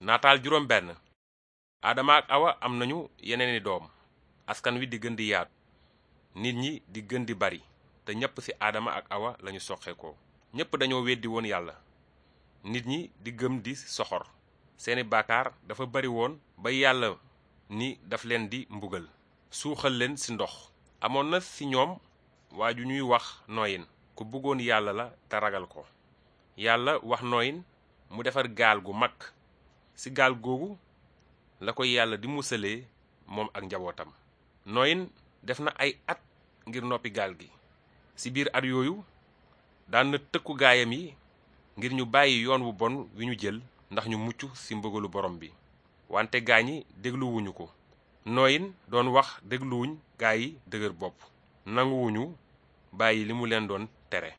nataal juróom benn aadama ak awa am nañu yeneeni doom askan wi di gën di yaatu nit ñi di gën di bari te ñépp ci aadama ak awa lañu soxe ko ñépp dañoo weddi woon yàlla nit ñi di gëm di soxor seeni baakaar dafa bari woon ba yàlla ni daf leen di mbugal suuxal leen ci ndox amoon na ci ñoom waa ju ñuy wax nooyin ku bëggoon yàlla la te ragal ko yàlla wax nooyin mu defar gaal gu mag si gaal googu la ko yàlla di musalee moom ak njabootam noyin def na ay at ngir noppi gaal gi ci biir at yooyu daan na tëkku gaayam yi ngir ñu bàyyi yoon wu bon wi ñu jël ndax ñu mucc si mbëgalu borom bi wante gaa ñi dégluwuñu ko nooyin doon wax dégluwuñ gaa yi dëgër bopp nanguwuñu bàyyi li mu leen doon tere